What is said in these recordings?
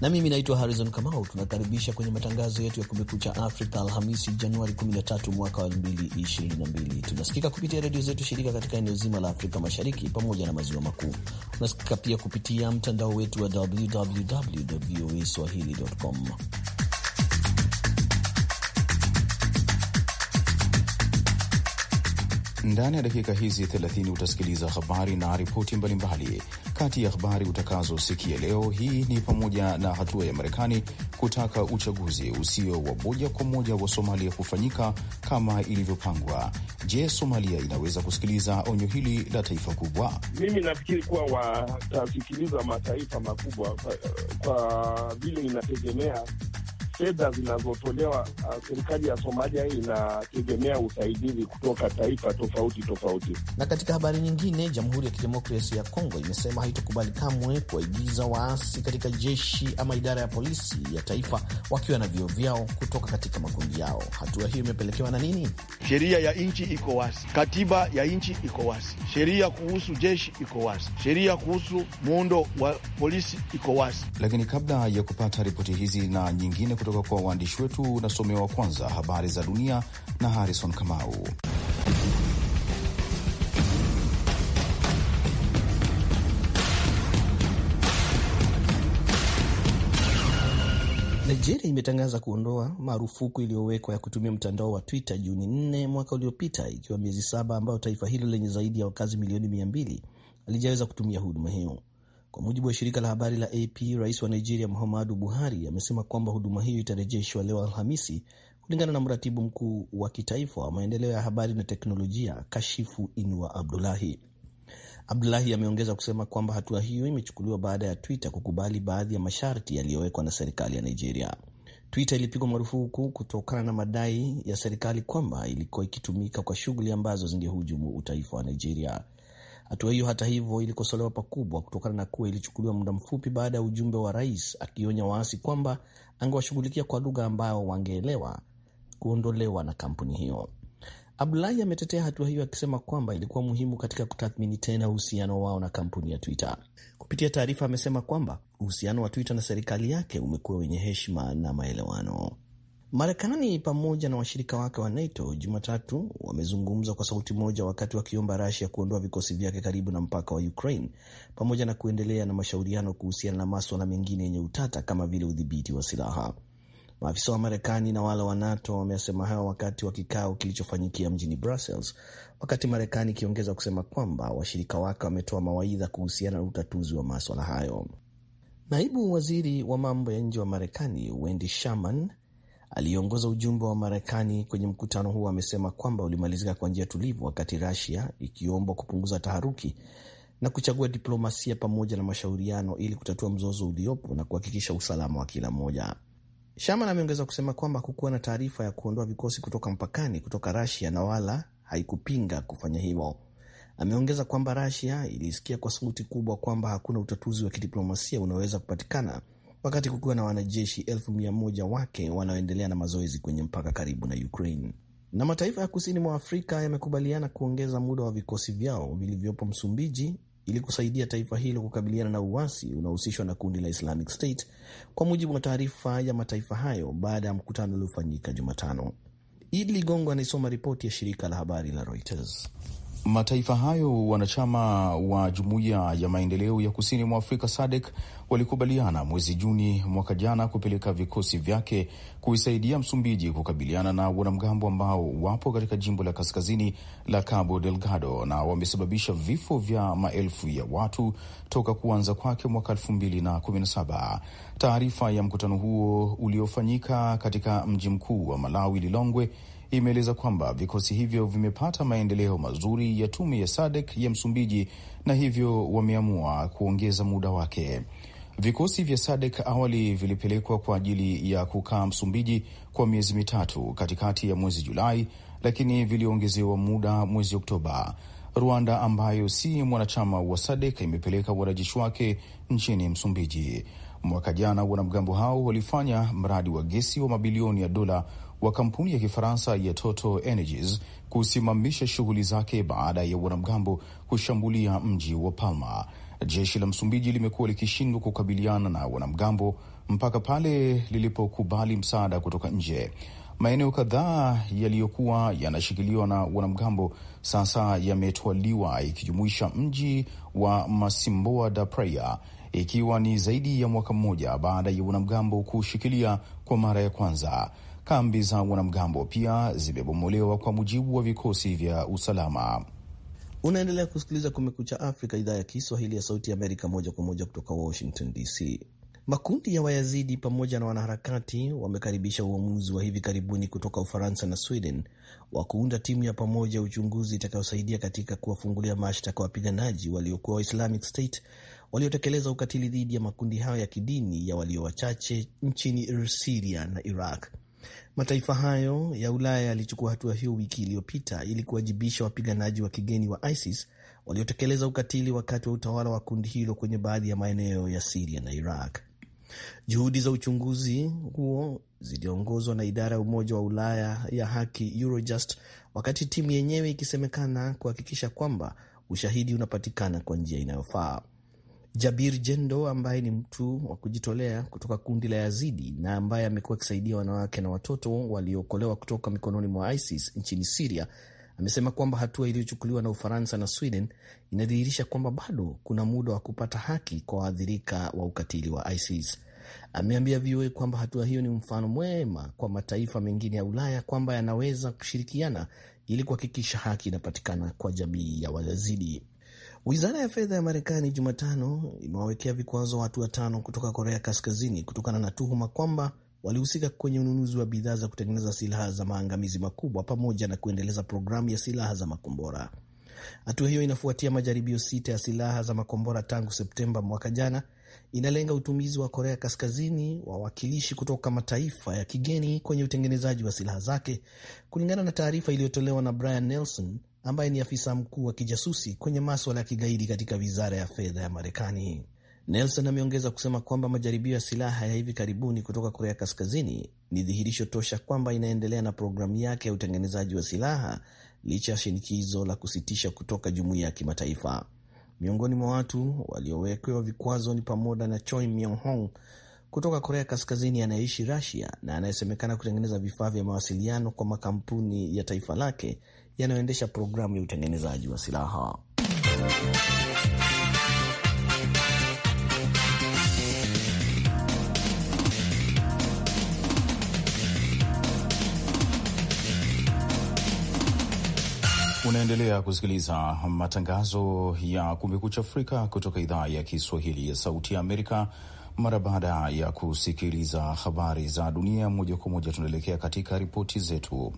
na mimi naitwa Harrison Kamau. Tunakaribisha kwenye matangazo yetu ya Kumekucha Afrika, Alhamisi Januari 13 mwaka wa 2022. Tunasikika kupitia redio zetu shirika katika eneo zima la Afrika Mashariki pamoja na maziwa makuu. Tunasikika pia kupitia mtandao wetu wa www voa swahili.com. Ndani ya dakika hizi 30 utasikiliza habari na ripoti mbalimbali. Kati ya habari utakazosikia leo hii ni pamoja na hatua ya Marekani kutaka uchaguzi usio wa moja kwa moja wa Somalia kufanyika kama ilivyopangwa. Je, Somalia inaweza kusikiliza onyo hili la taifa kubwa? Mimi nafikiri kuwa watasikiliza mataifa makubwa kwa vile inategemea fedha zinazotolewa uh, serikali ya Somalia inategemea usaidizi kutoka taifa tofauti tofauti. Na katika habari nyingine, Jamhuri ya Kidemokrasia ya Kongo imesema haitokubali kamwe kuwaigiza waasi katika jeshi ama idara ya polisi ya taifa wakiwa na vio vyao kutoka katika makundi yao. Hatua hiyo imepelekewa na nini? Sheria ya nchi iko wazi, katiba ya nchi iko wazi, sheria kuhusu jeshi iko wazi, sheria kuhusu muundo wa polisi iko wazi. Lakini kabla ya kupata ripoti hizi na nyingine kutoka kwa waandishi wetu, unasomewa kwanza habari za dunia na Harrison Kamau. Nigeria imetangaza kuondoa marufuku iliyowekwa ya kutumia mtandao wa Twitter Juni 4 mwaka uliopita, ikiwa miezi saba ambayo taifa hilo lenye zaidi ya wakazi milioni 200 alijaweza kutumia huduma hiyo. Kwa mujibu wa shirika la habari la AP, rais wa Nigeria Muhammadu Buhari amesema kwamba huduma hiyo itarejeshwa leo Alhamisi, kulingana na mratibu mkuu wa kitaifa wa maendeleo ya habari na teknolojia Kashifu Inua Abdulahi. Abdulahi ameongeza kusema kwamba hatua hiyo imechukuliwa baada ya Twitter kukubali baadhi ya masharti yaliyowekwa na serikali ya Nigeria. Twitter ilipigwa marufuku kutokana na madai ya serikali kwamba ilikuwa ikitumika kwa shughuli ambazo zingehujumu utaifa wa Nigeria. Hatua hiyo hata hivyo ilikosolewa pakubwa kutokana na kuwa ilichukuliwa muda mfupi baada ya ujumbe wa rais akionya waasi kwamba angewashughulikia kwa lugha ambayo wangeelewa kuondolewa na kampuni hiyo. Abdulahi ametetea hatua hiyo akisema kwamba ilikuwa muhimu katika kutathmini tena uhusiano wao na kampuni ya Twitter. Kupitia taarifa, amesema kwamba uhusiano wa Twitter na serikali yake umekuwa wenye heshima na maelewano. Marekani pamoja na washirika wake wa NATO Jumatatu wamezungumza kwa sauti moja wakati wakiomba rasia kuondoa vikosi vyake karibu na mpaka wa Ukraine pamoja na kuendelea na mashauriano kuhusiana na maswala mengine yenye utata kama vile udhibiti wa silaha. Maafisa wa Marekani na wale wa NATO wamesema hayo wakati wa kikao kilichofanyikia mjini Brussels, wakati Marekani ikiongeza kusema kwamba washirika wake wametoa mawaidha kuhusiana na utatuzi wa maswala hayo. Naibu waziri wa mambo ya nje wa Marekani Wendy Sherman aliyeongoza ujumbe wa Marekani kwenye mkutano huo amesema kwamba ulimalizika kwa njia tulivu, wakati rasia ikiombwa kupunguza taharuki na kuchagua diplomasia pamoja na mashauriano ili kutatua mzozo uliopo na kuhakikisha usalama wa kila mmoja. Shaman ameongeza kusema kwamba hakukuwa na taarifa ya kuondoa vikosi kutoka mpakani kutoka rasia na wala haikupinga kufanya hivyo. Ameongeza kwamba rasia ilisikia kwa sauti kubwa kwamba hakuna utatuzi wa kidiplomasia unaweza kupatikana wakati kukiwa na wanajeshi elfu mia moja wake wanaoendelea na mazoezi kwenye mpaka karibu na Ukraine. Na mataifa ya kusini mwa Afrika yamekubaliana kuongeza muda wa vikosi vyao vilivyopo Msumbiji ili kusaidia taifa hilo kukabiliana na uasi unaohusishwa na kundi la Islamic State, kwa mujibu wa taarifa ya mataifa hayo baada ya mkutano uliofanyika Jumatano. Idi Ligongo anaisoma ripoti ya shirika la habari la Reuters. Mataifa hayo wanachama wa jumuiya ya maendeleo ya kusini mwa Afrika SADC walikubaliana mwezi Juni mwaka jana kupeleka vikosi vyake kuisaidia Msumbiji kukabiliana na wanamgambo ambao wapo katika jimbo la kaskazini la Cabo Delgado na wamesababisha vifo vya maelfu ya watu toka kuanza kwake mwaka elfu mbili na kumi na saba. Taarifa ya mkutano huo uliofanyika katika mji mkuu wa Malawi, Lilongwe imeeleza kwamba vikosi hivyo vimepata maendeleo mazuri ya tume ya SADC ya Msumbiji na hivyo wameamua kuongeza muda wake. Vikosi vya SADC awali vilipelekwa kwa ajili ya kukaa Msumbiji kwa miezi mitatu katikati ya mwezi Julai, lakini viliongezewa muda mwezi Oktoba. Rwanda ambayo si mwanachama wa SADC imepeleka wanajeshi wake nchini Msumbiji. Mwaka jana wanamgambo hao walifanya mradi wa gesi wa mabilioni ya dola wa kampuni ya Kifaransa ya Total Energies kusimamisha shughuli zake baada ya wanamgambo kushambulia mji wa Palma. Jeshi la Msumbiji limekuwa likishindwa kukabiliana na wanamgambo mpaka pale lilipokubali msaada kutoka nje. Maeneo kadhaa yaliyokuwa yanashikiliwa na wanamgambo sasa yametwaliwa ikijumuisha mji wa Masimboa da Praia, ikiwa ni zaidi ya mwaka mmoja baada ya wanamgambo kushikilia kwa mara ya kwanza. Kambi za wanamgambo pia zimebomolewa kwa mujibu wa vikosi vya usalama. Unaendelea kusikiliza Kumekucha Afrika, idhaa ya Kiswahili ya Sauti Amerika, moja kwa moja kutoka Washington DC. Makundi ya Wayazidi pamoja na wanaharakati wamekaribisha uamuzi wa hivi karibuni kutoka Ufaransa na Sweden wa kuunda timu ya pamoja ya uchunguzi itakayosaidia katika kuwafungulia mashtaka wapiganaji waliokuwa wa Islamic State waliotekeleza ukatili dhidi ya makundi hayo ya kidini ya walio wachache nchini Siria na Iraq. Mataifa hayo ya Ulaya yalichukua hatua hiyo wiki iliyopita ili kuwajibisha wapiganaji wa kigeni wa ISIS waliotekeleza ukatili wakati wa utawala wa kundi hilo kwenye baadhi ya maeneo ya Siria na Iraq. Juhudi za uchunguzi huo ziliongozwa na idara ya Umoja wa Ulaya ya haki Eurojust, wakati timu yenyewe ikisemekana kuhakikisha kwamba ushahidi unapatikana kwa njia inayofaa. Jabir Jendo ambaye ni mtu wa kujitolea kutoka kundi la Yazidi na ambaye amekuwa akisaidia wanawake na watoto waliookolewa kutoka mikononi mwa ISIS nchini Siria amesema kwamba hatua iliyochukuliwa na Ufaransa na Sweden inadhihirisha kwamba bado kuna muda wa kupata haki kwa waathirika wa ukatili wa ISIS. Ameambia VOA kwamba hatua hiyo ni mfano mwema kwa mataifa mengine ya Ulaya kwamba yanaweza kushirikiana ili kuhakikisha haki inapatikana kwa jamii ya Wayazidi. Wizara ya fedha ya Marekani Jumatano imewawekea vikwazo watu watano kutoka Korea Kaskazini kutokana na tuhuma kwamba walihusika kwenye ununuzi wa bidhaa za kutengeneza silaha za maangamizi makubwa pamoja na kuendeleza programu ya silaha za makombora. Hatua hiyo inafuatia majaribio sita ya silaha za makombora tangu Septemba mwaka jana, inalenga utumizi wa Korea Kaskazini wa wakilishi kutoka mataifa ya kigeni kwenye utengenezaji wa silaha zake, kulingana na taarifa iliyotolewa na Brian Nelson, ambaye ni afisa mkuu wa kijasusi kwenye maswala ya kigaidi katika wizara ya fedha ya Marekani. Nelson ameongeza kusema kwamba majaribio ya silaha ya hivi karibuni kutoka Korea Kaskazini ni dhihirisho tosha kwamba inaendelea na programu yake ya utengenezaji wa silaha licha ya shinikizo la kusitisha kutoka jumuiya ya kimataifa. Miongoni mwa watu waliowekewa vikwazo ni pamoja na Choi Myong-hong kutoka Korea Kaskazini anayeishi rasia na anayesemekana kutengeneza vifaa vya mawasiliano kwa makampuni ya taifa lake yanayoendesha programu ya utengenezaji wa silaha. Unaendelea kusikiliza matangazo ya Kumekucha Afrika kutoka idhaa ya Kiswahili ya Sauti ya Amerika. Mara baada ya kusikiliza habari za dunia moja kwa moja, tunaelekea katika ripoti zetu.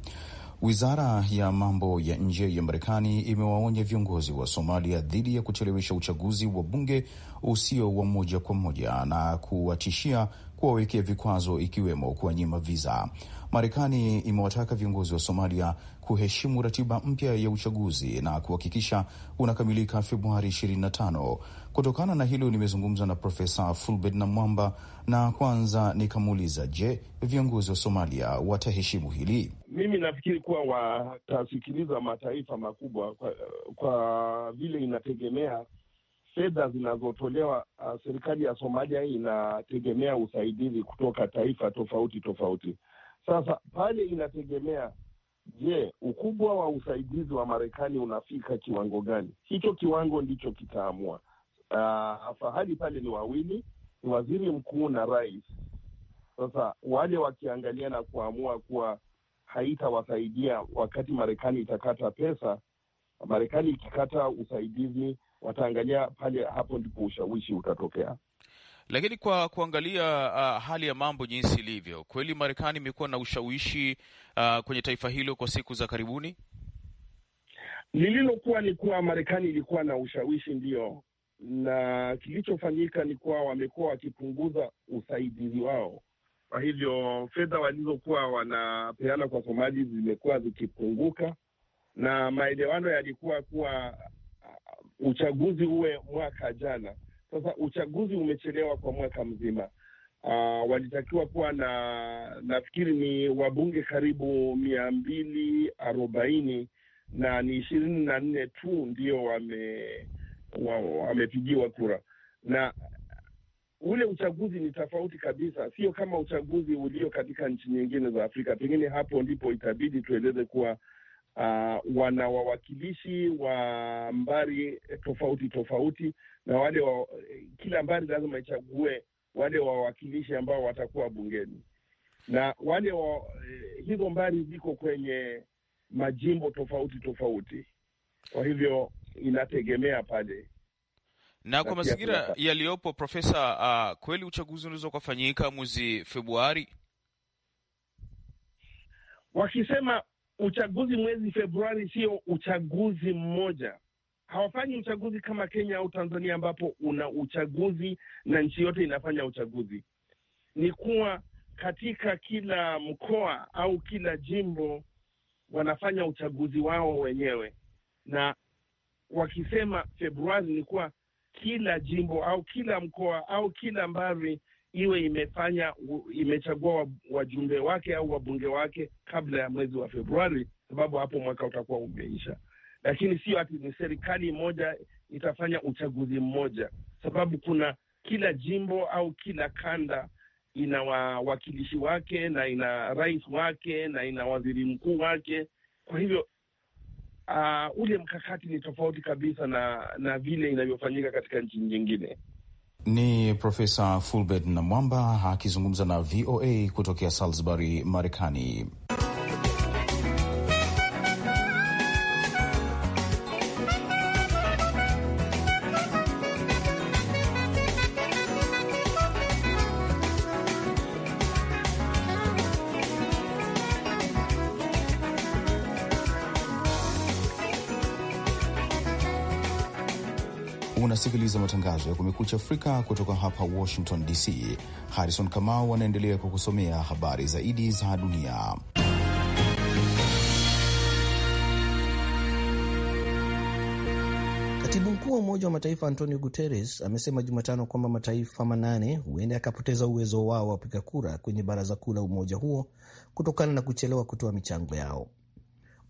Wizara ya mambo ya nje ya Marekani imewaonya viongozi wa Somalia dhidi ya kuchelewesha uchaguzi wa bunge usio wa moja kwa moja na kuwatishia kuwawekea vikwazo ikiwemo kuwanyima viza. Marekani imewataka viongozi wa Somalia kuheshimu ratiba mpya ya uchaguzi na kuhakikisha unakamilika Februari 25. Kutokana na hilo, nimezungumza na Profesa Fulbert na Mwamba na kwanza nikamuuliza, je, viongozi wa Somalia wataheshimu hili? Mimi nafikiri kuwa watasikiliza mataifa makubwa kwa, kwa vile inategemea fedha zinazotolewa. Uh, serikali ya Somalia hii inategemea usaidizi kutoka taifa tofauti tofauti. Sasa pale inategemea, je, ukubwa wa usaidizi wa Marekani unafika kiwango gani? Hicho kiwango ndicho kitaamua. Uh, ah, fahali pale ni wawili, ni waziri mkuu na rais. Sasa wale wakiangalia na kuamua kuwa haitawasaidia wakati Marekani itakata pesa, Marekani ikikata usaidizi, wataangalia pale, hapo ndipo ushawishi utatokea. Lakini kwa kuangalia uh, hali ya mambo jinsi ilivyo, kweli Marekani imekuwa na ushawishi uh, kwenye taifa hilo kwa siku za karibuni. Lililokuwa ni kuwa Marekani ilikuwa na ushawishi ndio na kilichofanyika ni kuwa wamekuwa wakipunguza usaidizi wao. Kwa hivyo fedha walizokuwa wanapeana kwa Somali zimekuwa zikipunguka, na maelewano yalikuwa kuwa uh, uchaguzi uwe mwaka jana sasa uchaguzi umechelewa kwa mwaka mzima. Uh, walitakiwa kuwa na nafikiri ni wabunge karibu mia mbili arobaini na ni ishirini na nne tu ndio wamepigiwa wame kura, na ule uchaguzi ni tofauti kabisa, sio kama uchaguzi ulio katika nchi nyingine za Afrika. Pengine hapo ndipo itabidi tueleze kuwa uh, wana wawakilishi wa mbari tofauti tofauti, na wale wa, kila mbari lazima ichague wale wawakilishi ambao watakuwa bungeni na wale wa, eh, hizo mbari ziko kwenye majimbo tofauti tofauti, kwa hivyo inategemea pale na kwa mazingira yaliyopo, Profesa, uh, kweli uchaguzi unaweza ukafanyika mwezi Februari, wakisema uchaguzi mwezi Februari sio uchaguzi mmoja. Hawafanyi uchaguzi kama Kenya au Tanzania ambapo una uchaguzi na nchi yote inafanya uchaguzi. Ni kuwa katika kila mkoa au kila jimbo wanafanya uchaguzi wao wenyewe, na wakisema Februari ni kuwa kila jimbo au kila mkoa au kila mbari iwe imefanya imechagua wajumbe wake au wabunge wake kabla ya mwezi wa Februari, sababu hapo mwaka utakuwa umeisha. Lakini sio ati ni serikali moja itafanya uchaguzi mmoja, sababu kuna kila jimbo au kila kanda ina wawakilishi wake na ina rais wake na ina waziri mkuu wake. Kwa hivyo uh, ule mkakati ni tofauti kabisa na na vile inavyofanyika katika nchi nyingine. Ni Profesa Fulbert Namwamba akizungumza na VOA kutokea Salisbury, Marekani. kusikiliza matangazo ya Kumekucha Afrika kutoka hapa Washington DC. Harrison Kamau anaendelea kukusomea habari zaidi za dunia. Katibu mkuu wa Umoja wa Mataifa Antonio Guterres amesema Jumatano kwamba mataifa manane huenda yakapoteza uwezo wao wa kupiga kura kwenye baraza kuu la umoja huo kutokana na kuchelewa kutoa michango yao.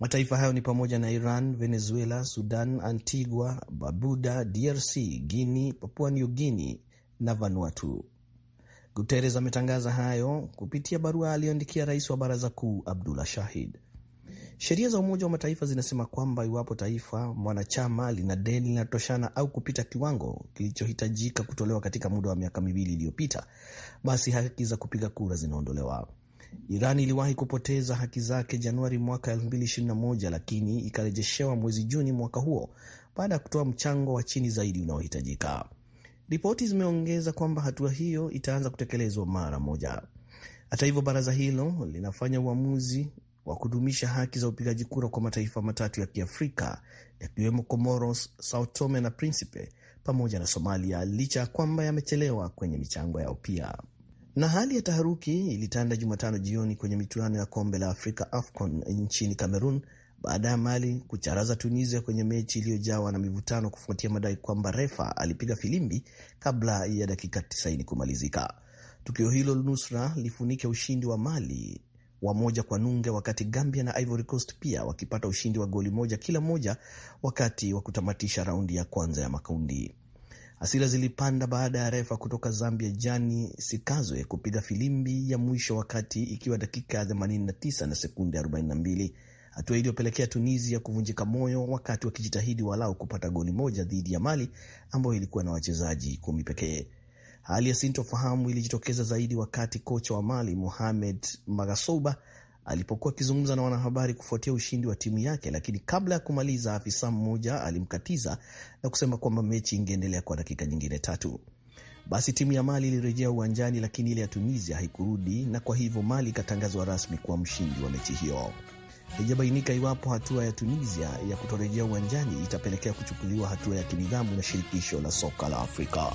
Mataifa hayo ni pamoja na Iran, Venezuela, Sudan, Antigua Barbuda, DRC, Guini, Papua New Guini na Vanuatu. Guteres ametangaza hayo kupitia barua aliyoandikia rais wa baraza kuu Abdullah Shahid. Sheria za Umoja wa Mataifa zinasema kwamba iwapo taifa mwanachama lina deni linatoshana au kupita kiwango kilichohitajika kutolewa katika muda wa miaka miwili iliyopita, basi haki za kupiga kura zinaondolewa. Iran iliwahi kupoteza haki zake Januari mwaka 2021 lakini ikarejeshewa mwezi Juni mwaka huo baada ya kutoa mchango wa chini zaidi unaohitajika. Ripoti zimeongeza kwamba hatua hiyo itaanza kutekelezwa mara moja. Hata hivyo, baraza hilo linafanya uamuzi wa kudumisha haki za upigaji kura kwa mataifa matatu ya Kiafrika yakiwemo Comoros, Sao Tome na Principe pamoja na Somalia licha ya kwamba yamechelewa kwenye michango yao pia. Na hali ya taharuki ilitanda Jumatano jioni kwenye michuano ya kombe la Afrika AFCON nchini Cameroon baada ya Mali kucharaza Tunisia kwenye mechi iliyojawa na mivutano kufuatia madai kwamba refa alipiga filimbi kabla ya dakika 90 kumalizika. Tukio hilo nusra lifunike ushindi wa Mali wa moja kwa nunge, wakati Gambia na Ivory Coast pia wakipata ushindi wa goli moja kila moja wakati wa kutamatisha raundi ya kwanza ya makundi. Hasira zilipanda baada ya refa kutoka Zambia Jani Sikazwe kupiga filimbi ya mwisho wakati ikiwa dakika 89 na sekunde 42, hatua iliyopelekea Tunisia kuvunjika moyo wakati wakijitahidi walau kupata goli moja dhidi ya Mali ambayo ilikuwa na wachezaji kumi pekee. Hali ya sintofahamu ilijitokeza zaidi wakati kocha wa Mali Mohamed Magasouba alipokuwa akizungumza na wanahabari kufuatia ushindi wa timu yake, lakini kabla ya kumaliza, afisa mmoja alimkatiza na kusema kwamba mechi ingeendelea kwa dakika nyingine tatu. Basi timu ya Mali ilirejea uwanjani, lakini ile ya Tunisia haikurudi na kwa hivyo Mali ikatangazwa rasmi kuwa mshindi wa mechi hiyo. Haijabainika iwapo hatua ya Tunisia ya kutorejea uwanjani itapelekea kuchukuliwa hatua ya kinidhamu na shirikisho la soka la Afrika.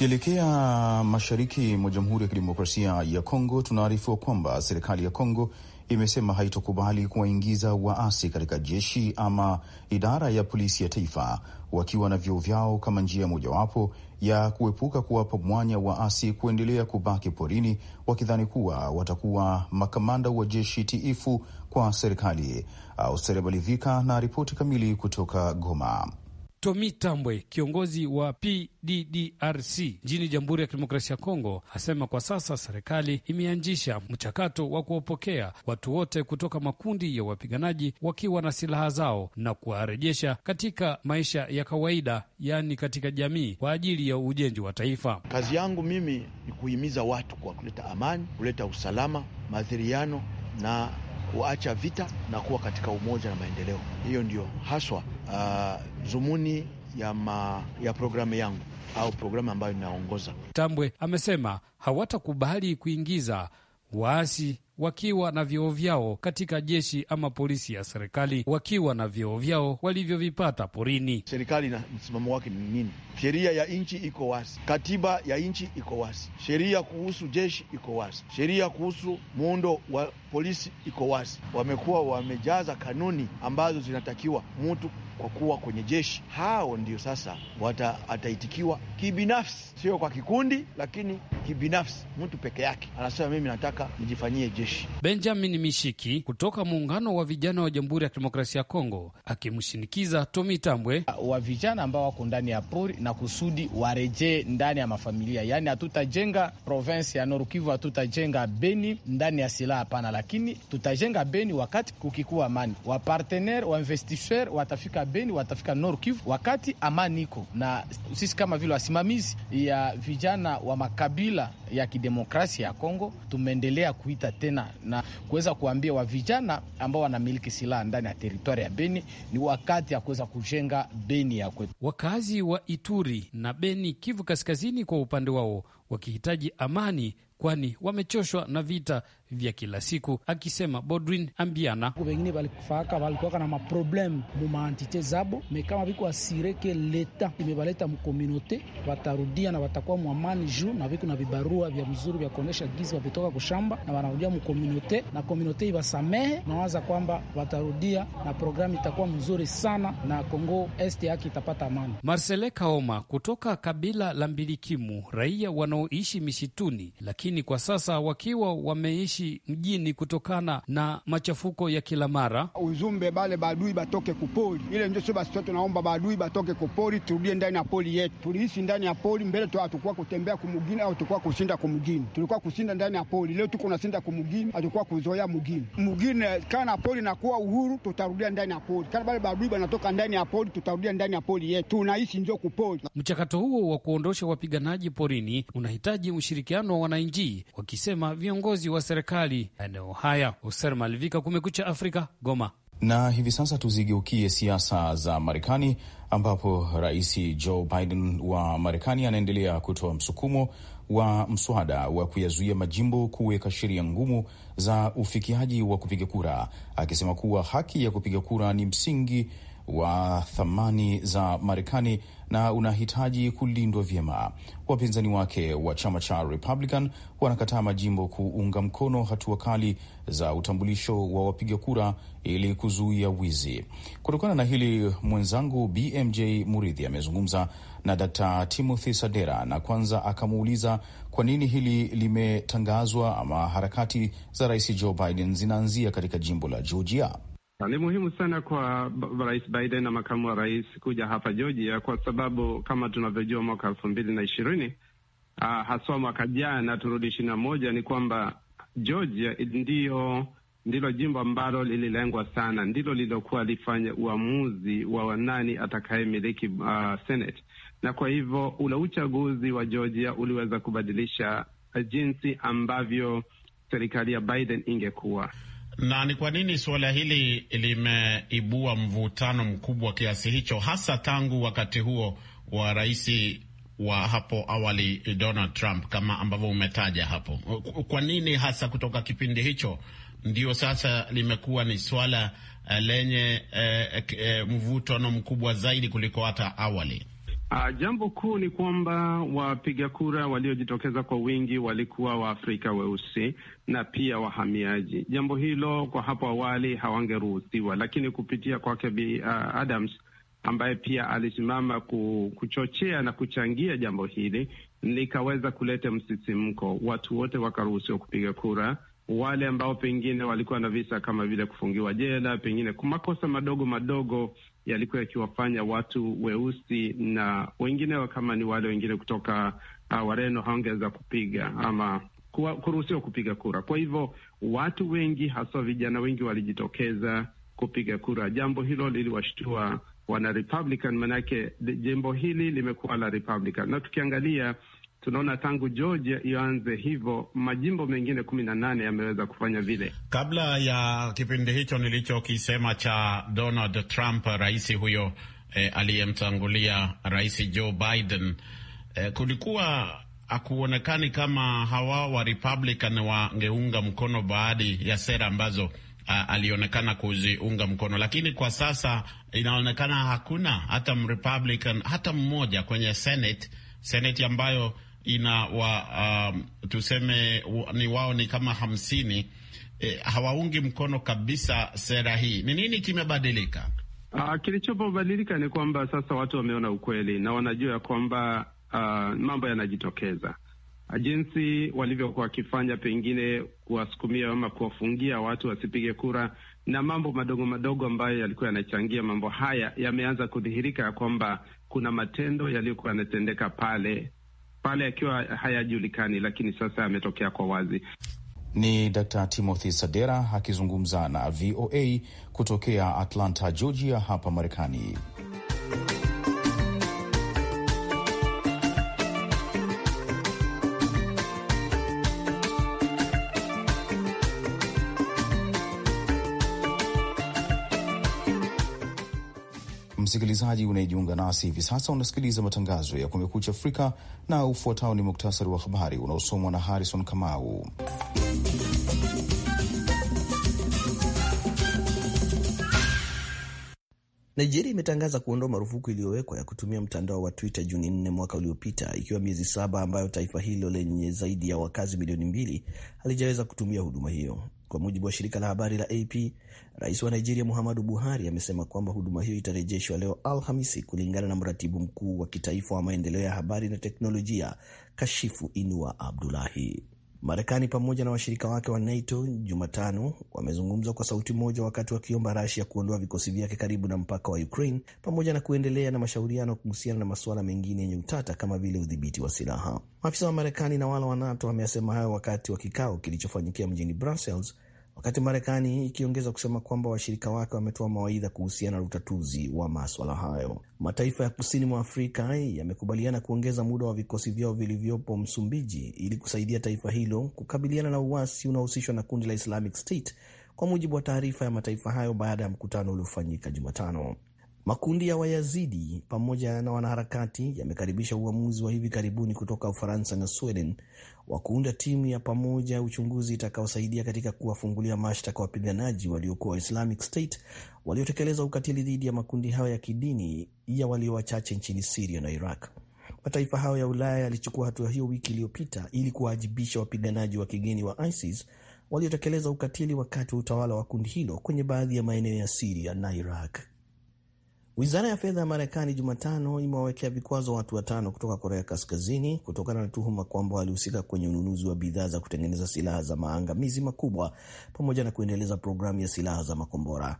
Tukielekea mashariki mwa Jamhuri ya Kidemokrasia ya Kongo, tunaarifiwa kwamba serikali ya Kongo imesema haitokubali kuwaingiza waasi katika jeshi ama idara ya polisi ya taifa wakiwa na vyeo vyao kama njia mojawapo ya kuepuka kuwapa mwanya waasi kuendelea kubaki porini wakidhani kuwa watakuwa makamanda wa jeshi tiifu kwa serikali. Austere Malivika na ripoti kamili kutoka Goma. Tomi Tambwe, kiongozi wa PDDRC nchini Jamhuri ya Kidemokrasia ya Kongo, asema kwa sasa serikali imeanzisha mchakato wa kuwapokea watu wote kutoka makundi ya wapiganaji wakiwa na silaha zao na kuwarejesha katika maisha ya kawaida, yaani katika jamii, kwa ajili ya ujenzi wa taifa. Kazi yangu mimi ni kuhimiza watu kwa kuleta amani, kuleta usalama, maridhiano na kuacha vita na kuwa katika umoja na maendeleo. Hiyo ndio haswa uh, zumuni ya, ma, ya programu yangu au programu ambayo inaongoza Tambwe amesema hawatakubali kuingiza waasi wakiwa na vyeo vyao katika jeshi ama polisi ya serikali, wakiwa na vyeo vyao walivyovipata porini. Serikali na msimamo wake ni nini? Sheria ya nchi iko wazi, katiba ya nchi iko wazi, sheria kuhusu jeshi iko wazi, sheria kuhusu muundo wa polisi iko wazi, wamekuwa wamejaza kanuni ambazo zinatakiwa mtu kwa kuwa kwenye jeshi. Hao ndio sasa wataitikiwa kibinafsi, sio kwa kikundi, lakini kibinafsi, mtu peke yake anasema mimi nataka nijifanyie jeshi. Benjamin Mishiki kutoka muungano wa vijana wa Jamhuri ya Kidemokrasia ya Kongo akimshinikiza Tomi Tambwe wa vijana ambao wako ndani ya pori na kusudi warejee ndani ya mafamilia, yaani hatutajenga provensi ya Norukivu, hatutajenga Beni ndani ya silaha, hapana lakini tutajenga Beni wakati kukikuwa amani. Wapartener wa investisseur watafika Beni, watafika Nord Kivu wakati amani iko, na sisi kama vile wasimamizi ya vijana wa makabila ya kidemokrasia ya Kongo tumeendelea kuita tena na kuweza kuambia wa vijana ambao wanamiliki silaha ndani ya teritwari ya Beni ni wakati ya kuweza kujenga Beni ya kwetu. Wakazi wa Ituri na Beni, Kivu Kaskazini, kwa upande wao wakihitaji amani, kwani wamechoshwa na vita vya kila siku, akisema Bodwin Ambiana Wengine valikufaka valikuwaka na maproblem mumaantite zabo mekama viko asireke leta imevaleta mukomunote watarudia na watakuwa mwamani juu na viko na vibarua vya mzuri vya kuonyesha gizi wavitoka kushamba na wanarudia mukomunote na kominote ivasamehe. Nawaza kwamba vatarudia na programu itakuwa mzuri sana na Kongo Est yake itapata amani. Marcele Kaoma kutoka kabila la mbilikimu, raia wanaoishi misituni, lakini kwa sasa wakiwa wameishi kuishi mjini kutokana na machafuko ya kila mara. Uzumbe bale badui batoke kupoli ile ndio sio basi, tunaomba badui batoke kupoli, turudie ndani ya poli yetu. Tuliishi ndani ya poli mbele tu, hatukuwa kutembea kumugini au tulikuwa kushinda kumugini, tulikuwa kushinda ndani ya poli. Leo tuko nasinda kumugini, hatukuwa kuzoea mugini mugini. Kana poli na kuwa uhuru, tutarudia ndani ya poli. Kana bale badui banatoka ndani ya poli, tutarudia ndani ya poli yetu, tunaishi njo kupoli. Mchakato huo wa kuondosha wapiganaji porini unahitaji ushirikiano wa wananchi, wakisema viongozi wa serikali serikali eneo haya. Hoser Malivika, Kumekucha Afrika, Goma. Na hivi sasa tuzigeukie siasa za Marekani ambapo Rais Joe Biden wa Marekani anaendelea kutoa msukumo wa mswada wa kuyazuia majimbo kuweka sheria ngumu za ufikiaji wa kupiga kura, akisema kuwa haki ya kupiga kura ni msingi wa thamani za Marekani na unahitaji kulindwa vyema. Wapinzani wake wa chama cha Republican wanakataa majimbo kuunga mkono hatua kali za utambulisho wa wapiga kura ili kuzuia wizi. Kutokana na hili, mwenzangu BMJ Muridhi amezungumza na Dr. Timothy Sadera na kwanza akamuuliza kwa nini hili limetangazwa ama harakati za Rais Joe Biden zinaanzia katika jimbo la Georgia. Ni muhimu sana kwa Rais Biden na makamu wa rais kuja hapa Georgia kwa sababu kama tunavyojua mwaka elfu mbili na ishirini uh, haswa mwaka jana turudi ishirini na moja ni kwamba Georgia ndiyo ndilo jimbo ambalo lililengwa sana, ndilo lilokuwa lifanya uamuzi wa nani atakayemiliki uh, Senate, na kwa hivyo ule uchaguzi wa Georgia uliweza kubadilisha jinsi ambavyo serikali ya Biden ingekuwa. Na ni kwa nini suala hili limeibua mvutano mkubwa kiasi hicho, hasa tangu wakati huo wa rais wa hapo awali Donald Trump, kama ambavyo umetaja hapo? Kwa nini hasa kutoka kipindi hicho ndio sasa limekuwa ni swala eh, lenye eh, eh, mvutano mkubwa zaidi kuliko hata awali? Uh, jambo kuu ni kwamba wapiga kura waliojitokeza kwa wingi walikuwa Waafrika weusi na pia wahamiaji. Jambo hilo kwa hapo awali hawangeruhusiwa, lakini kupitia kwake Bi uh, Adams ambaye pia alisimama kuchochea na kuchangia jambo hili likaweza kuleta msisimko, watu wote wakaruhusiwa kupiga kura wale ambao pengine walikuwa na visa kama vile kufungiwa jela, pengine makosa madogo madogo yalikuwa yakiwafanya watu weusi na wengineo kama ni wale wengine kutoka uh, Wareno hawangeweza kupiga ama kuruhusiwa kupiga kura. Kwa hivyo watu wengi, haswa vijana wengi, walijitokeza kupiga kura. Jambo hilo liliwashtua wana Republican, manake jimbo hili limekuwa la Republican, na tukiangalia tunaona tangu Georgia ianze hivyo, majimbo mengine kumi na nane yameweza kufanya vile. Kabla ya kipindi hicho nilichokisema cha Donald Trump, rais huyo eh, aliyemtangulia rais Joe Biden, eh, kulikuwa hakuonekani kama hawa wa Republican wangeunga mkono baadhi ya sera ambazo alionekana kuziunga mkono, lakini kwa sasa inaonekana hakuna hata Republican hata mmoja kwenye Senate, Senate ambayo ina wa um, tuseme ni wao ni kama hamsini e, hawaungi mkono kabisa sera hii. Ni nini kimebadilika? Uh, ah, kilichopobadilika ni kwamba sasa watu wameona ukweli na wanajua ya kwamba uh, mambo yanajitokeza ah, jinsi walivyokuwa wakifanya, pengine kuwasukumia ama kuwafungia watu wasipige kura, na mambo madogo madogo ambayo yalikuwa yanachangia mambo haya yameanza kudhihirika ya kwamba kuna matendo yaliyokuwa yanatendeka pale pale akiwa hayajulikani, lakini sasa ametokea kwa wazi. Ni Dr. Timothy Sadera akizungumza na VOA kutokea Atlanta, Georgia hapa Marekani. Msikilizaji unayejiunga nasi hivi sasa, unasikiliza matangazo ya Kumekucha Afrika na ufuatao ni muktasari wa habari unaosomwa na Harrison Kamau. Nigeria imetangaza kuondoa marufuku iliyowekwa ya kutumia mtandao wa Twitter Juni 4 mwaka uliopita, ikiwa miezi saba ambayo taifa hilo lenye zaidi ya wakazi milioni mbili halijaweza kutumia huduma hiyo. Kwa mujibu wa shirika la habari la AP, rais wa Nigeria Muhammadu Buhari amesema kwamba huduma hiyo itarejeshwa leo Alhamisi, kulingana na mratibu mkuu wa kitaifa wa maendeleo ya habari na teknolojia Kashifu Inua Abdulahi. Marekani pamoja na washirika wake wa NATO Jumatano wamezungumza kwa sauti moja wakati wakiomba Rasia kuondoa vikosi vyake karibu na mpaka wa Ukraine pamoja na kuendelea na mashauriano kuhusiana na masuala mengine yenye utata kama vile udhibiti wa silaha. Maafisa wa Marekani na wale wa NATO wameyasema hayo wakati wa kikao kilichofanyikia mjini Brussels wakati Marekani ikiongeza kusema kwamba washirika wake wametoa mawaidha kuhusiana na utatuzi wa maswala hayo. Mataifa ya kusini mwa Afrika yamekubaliana kuongeza muda wa vikosi vyao vilivyopo Msumbiji ili kusaidia taifa hilo kukabiliana na uasi unaohusishwa na kundi la Islamic State, kwa mujibu wa taarifa ya mataifa hayo baada ya mkutano uliofanyika Jumatano. Makundi ya Wayazidi pamoja na wanaharakati yamekaribisha uamuzi wa hivi karibuni kutoka Ufaransa na Sweden wa kuunda timu ya pamoja ya uchunguzi itakaosaidia katika kuwafungulia mashtaka wapiganaji waliokuwa Islamic State waliotekeleza ukatili dhidi ya makundi hayo ya kidini ya walio wachache nchini Siria na Iraq. Mataifa hayo ya Ulaya yalichukua hatua hiyo wiki iliyopita ili kuwaajibisha wapiganaji wa kigeni wa ISIS waliotekeleza ukatili wakati wa utawala wa kundi hilo kwenye baadhi ya maeneo ya Siria na Iraq. Wizara ya fedha ya Marekani Jumatano imewawekea vikwazo watu watano kutoka Korea Kaskazini kutokana na tuhuma kwamba walihusika kwenye ununuzi wa bidhaa za kutengeneza silaha za maangamizi makubwa pamoja na kuendeleza programu ya silaha za makombora.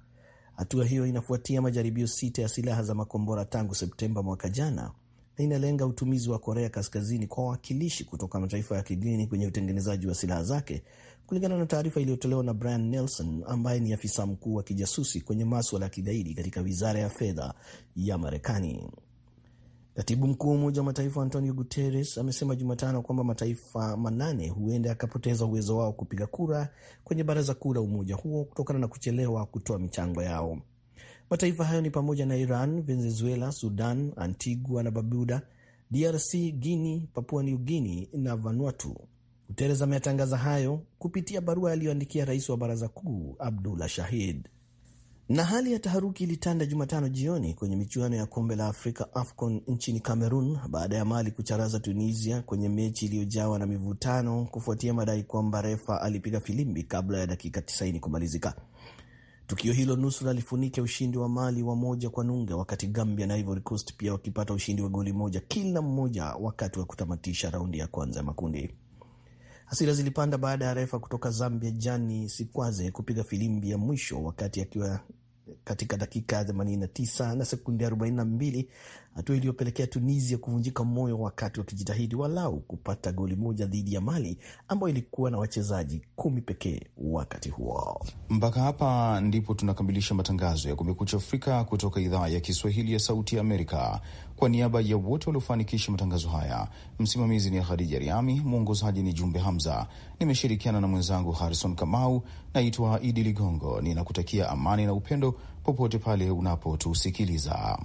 Hatua hiyo inafuatia majaribio sita ya silaha za makombora tangu Septemba mwaka jana na inalenga utumizi wa Korea Kaskazini kwa wawakilishi kutoka mataifa ya kigeni kwenye utengenezaji wa silaha zake kulingana na taarifa iliyotolewa na Brian Nelson ambaye ni afisa mkuu wa kijasusi kwenye maswala ya kigaidi katika wizara ya fedha ya Marekani. Katibu mkuu wa Umoja wa Mataifa Antonio Guterres amesema Jumatano kwamba mataifa manane huenda yakapoteza uwezo wao kupiga kura kwenye baraza kuu la umoja huo kutokana na kuchelewa kutoa michango yao. Mataifa hayo ni pamoja na Iran, Venezuela, Sudan, Antigua na Barbuda, DRC, Guini, Papua New Guini na Vanuatu. Guterres ameyatangaza hayo kupitia barua aliyoandikia rais wa baraza kuu Abdullah Shahid. Na hali ya taharuki ilitanda Jumatano jioni kwenye michuano ya kombe la Afrika AFCON nchini Cameroon baada ya Mali kucharaza Tunisia kwenye mechi iliyojawa na mivutano kufuatia madai kwamba refa alipiga filimbi kabla ya dakika 90 kumalizika. Tukio hilo nusura lifunike ushindi wa Mali wa moja kwa nunge, wakati Gambia na Ivory Coast pia wakipata ushindi wa goli moja kila mmoja wakati wa kutamatisha raundi ya kwanza ya makundi. Hasira zilipanda baada ya refa kutoka Zambia Jani Sikwaze kupiga filimbi ya mwisho wakati akiwa katika dakika 89 na sekunde 42, hatua iliyopelekea Tunisia kuvunjika moyo wakati wakijitahidi walau kupata goli moja dhidi ya Mali ambayo ilikuwa na wachezaji kumi pekee wakati huo. Mpaka hapa ndipo tunakamilisha matangazo ya Kumekucha Afrika kutoka idhaa ya Kiswahili ya Sauti ya Amerika. Kwa niaba ya wote waliofanikisha matangazo haya, msimamizi ni Khadija Riami, mwongozaji ni Jumbe Hamza. Nimeshirikiana na mwenzangu Harrison Kamau. Naitwa Idi Ligongo, ninakutakia amani na upendo popote pale unapotusikiliza.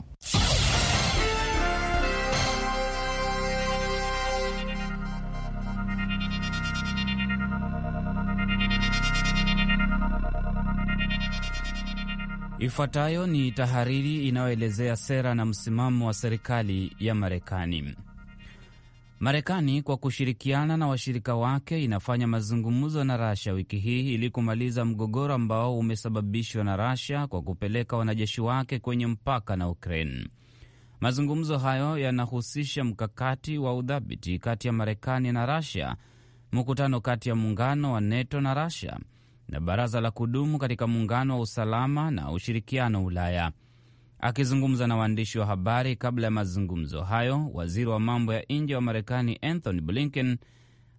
Ifuatayo ni tahariri inayoelezea sera na msimamo wa serikali ya Marekani. Marekani kwa kushirikiana na washirika wake inafanya mazungumzo na rasia wiki hii ili kumaliza mgogoro ambao umesababishwa na rasia kwa kupeleka wanajeshi wake kwenye mpaka na Ukraine. Mazungumzo hayo yanahusisha mkakati wa udhabiti kati ya Marekani na rasia mkutano kati ya muungano wa NATO na Rasia, na baraza la kudumu katika muungano wa usalama na ushirikiano Ulaya. Akizungumza na waandishi wa habari kabla ya mazungumzo hayo, waziri wa mambo ya nje wa Marekani Anthony Blinken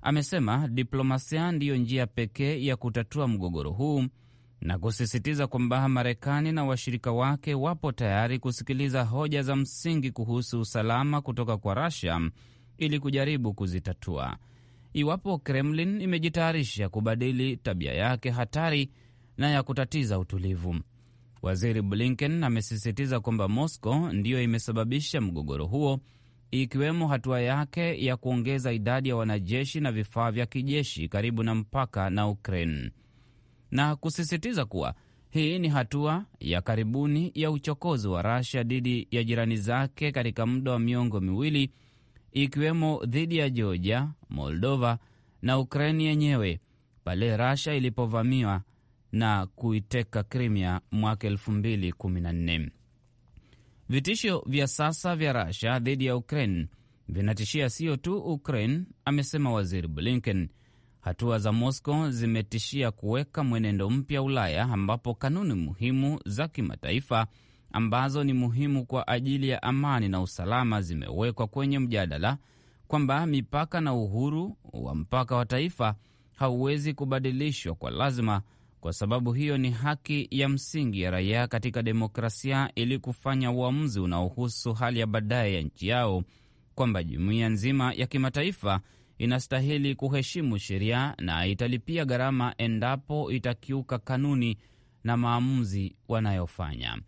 amesema diplomasia ndiyo njia pekee ya kutatua mgogoro huu na kusisitiza kwamba Marekani na washirika wake wapo tayari kusikiliza hoja za msingi kuhusu usalama kutoka kwa Russia ili kujaribu kuzitatua iwapo Kremlin imejitayarisha kubadili tabia yake hatari na ya kutatiza utulivu. Waziri Blinken amesisitiza kwamba Moscow ndiyo imesababisha mgogoro huo, ikiwemo hatua yake ya kuongeza idadi ya wanajeshi na vifaa vya kijeshi karibu na mpaka na Ukraine, na kusisitiza kuwa hii ni hatua ya karibuni ya uchokozi wa Russia dhidi ya jirani zake katika muda wa miongo miwili ikiwemo dhidi ya Georgia, Moldova na Ukraini yenyewe pale Rasha ilipovamiwa na kuiteka Crimea mwaka 2014. Vitisho vya sasa vya Rasha dhidi ya Ukraine vinatishia sio tu Ukraine, amesema Waziri Blinken. Hatua za Moscow zimetishia kuweka mwenendo mpya Ulaya, ambapo kanuni muhimu za kimataifa ambazo ni muhimu kwa ajili ya amani na usalama zimewekwa kwenye mjadala kwamba mipaka na uhuru wa mpaka wa taifa hauwezi kubadilishwa kwa lazima, kwa sababu hiyo ni haki ya msingi ya raia katika demokrasia ili kufanya uamuzi unaohusu hali ya baadaye ya nchi yao, kwamba jumuiya nzima ya kimataifa inastahili kuheshimu sheria na italipia gharama endapo itakiuka kanuni na maamuzi wanayofanya.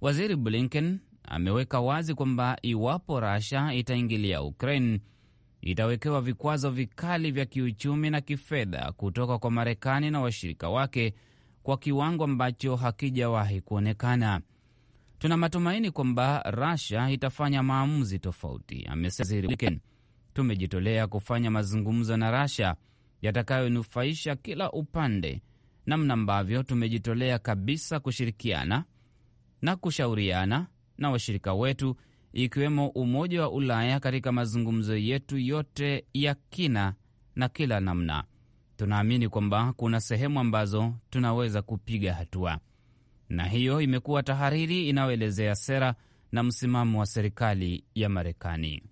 Waziri Blinken ameweka wazi kwamba iwapo Russia itaingilia Ukraine itawekewa vikwazo vikali vya kiuchumi na kifedha kutoka kwa Marekani na washirika wake kwa kiwango ambacho hakijawahi kuonekana. Tuna matumaini kwamba Russia itafanya maamuzi tofauti, amesema Waziri Blinken. Tumejitolea kufanya mazungumzo na Russia yatakayonufaisha kila upande, namna ambavyo tumejitolea kabisa kushirikiana na kushauriana na washirika wetu ikiwemo Umoja wa Ulaya katika mazungumzo yetu yote ya kina na kila namna. Tunaamini kwamba kuna sehemu ambazo tunaweza kupiga hatua, na hiyo imekuwa tahariri inayoelezea sera na msimamo wa serikali ya Marekani.